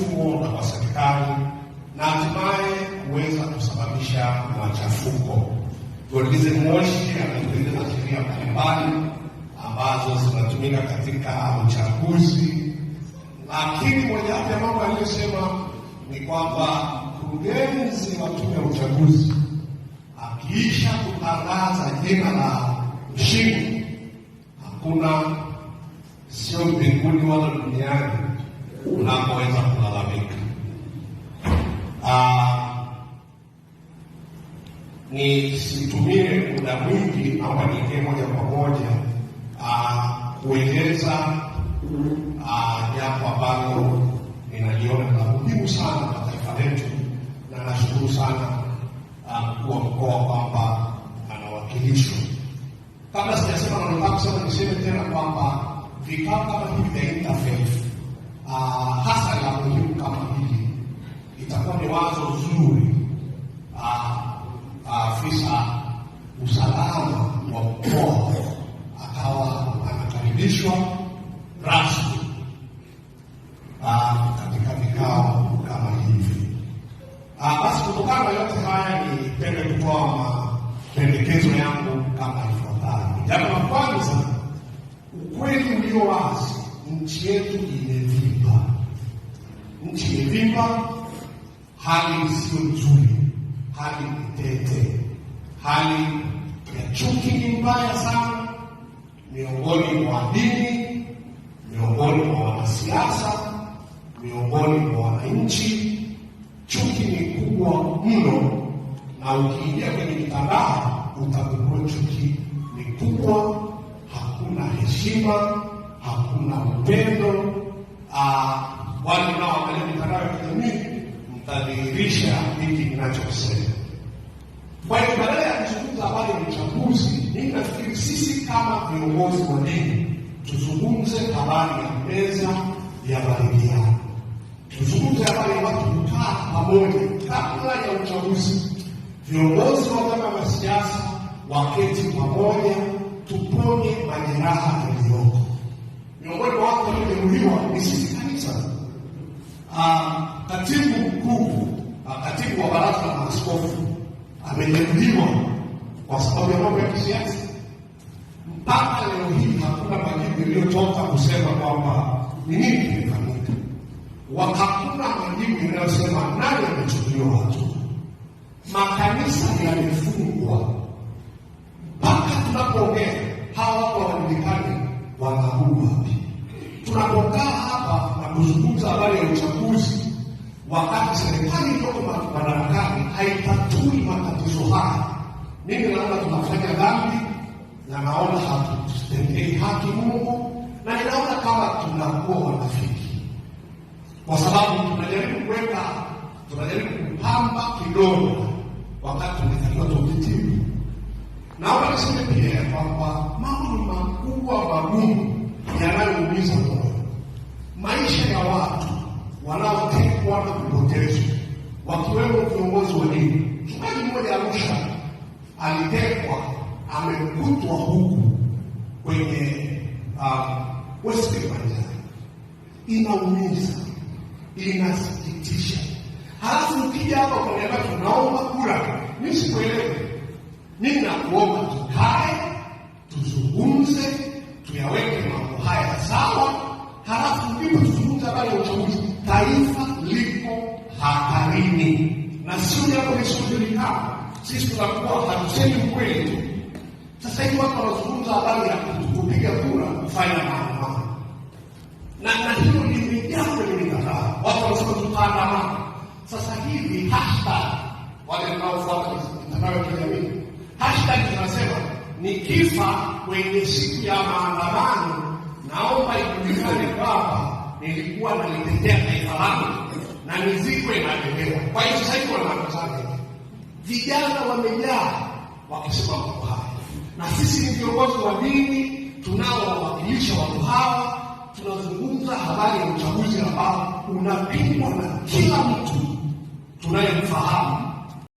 mfumo na kwa serikali na hatimaye kuweza kusababisha machafuko. Golize Moshi ametengeneza sheria mbalimbali ambazo zinatumika katika uchaguzi, lakini mojawapo ya mambo aliyosema ni kwamba mkurugenzi wa tume ya uchaguzi akiisha kutangaza jina la mshindi, hakuna sio mbinguni wala duniani unapoweza kulalamika. Ah, Nisitumie muda mwingi au niingie moja kwa moja ah, kueleza ah, jambo ambalo ninaliona na muhimu sana kwa taifa letu, na nashukuru sana mkuu wa mkoa kwamba anawakilishwa. Kabla sijasema, nataka kusema niseme tena kwamba vikao kama hivi vya interfaith Ah, hasa ya muhimu kama hili, itakuwa ni wazo zuri ah, ah, afisa usalama wa mkoa akawa anakaribishwa rasmi katika vikao kama hivi. basi kutokana na yote haya nipende kutoa mapendekezo yangu kama ifuatavyo. Jambo la kwanza, ukweli ulio wazi, nchi yetu imevia nchi imevimba, hali sio nzuri, hali tete, hali ya chuki ni mbaya sana miongoni mwa dini, miongoni mwa wanasiasa, miongoni mwa wananchi. Chuki ni kubwa mno, na ukiingia kwenye mitandao utakukua chuki ni kubwa, hakuna heshima, hakuna upendo. Ah, wale mnaoangalia mitandao ya kijamii mtadhihirisha hiki kinachosema. Kwa hiyo badala ya kuzungumza habari ya uchaguzi, mimi nafikiri sisi kama viongozi wa dini tuzungumze habari ya meza ya maridhiano, tuzungumze habari ya watu kukaa pamoja kabla ya uchaguzi. Viongozi wa vyama vya siasa waketi pamoja, tuponye majeraha la maaskofu amejeuliwa kwa sababu ya mambo ya kisiasa. Mpaka leo hii hakuna majibu iliyotoka kusema kwamba ni nini kimefanyika, wakakuna majibu inayosema nani amechukuliwa watu. Makanisa yamefungwa mpaka tunapoongea, hawa wako wanajulikani wanahuu wapi. Tunapokaa hapa na kuzungumza habari ya uchaguzi, wakati serikali iliyoko madarakani haitatui matatizo haya. Mimi naona tunafanya dhambi na naona hatutendei haki Mungu, na ninaona kama tunakuwa wanafiki, kwa sababu tunajaribu kuweka, tunajaribu kupamba kidogo wakati tunatakiwa tuvitimu. Naona niseme pia kwamba mambo ni makubwa magumu yanayoumiza moyo, maisha ya watu wanaotekwa na kupotezwa wakiwemo viongozi wa dini. Mchungaji mmoja Arusha alitekwa, amekutwa huku kwenye um, West Kilimanjaro. Inaumiza, inasikitisha. Halafu ukija hapa kaniambia tunaomba kura, mi sikuelewe. Mi nakuomba tukae tuzungumze Azuri yako imeshughulika, sisi tunakuwa hatusemi ukweli Sasa hivi watu wanazungumza habari ya kupiga kura, kufanya maandamano, na na hilo limejaa kwenye mitandao. Watu wanasema tutaandamana. Sasa hivi hashtag, wale mnaofuata mitandao ya kijamii, hashtag zinasema ni kifa kwenye siku ya maandamano. Naomba ijulikane kwamba nilikuwa nalitetea taifa langu na mizigo inabebeka. Kwa hiyo sasa hivi wanaanza vijana wamejaa wakisema mambo haya, na sisi ni viongozi wa dini tunaowawakilisha watu hawa, tunazungumza habari ya uchaguzi ambao unapimwa na kila mtu tunayemfahamu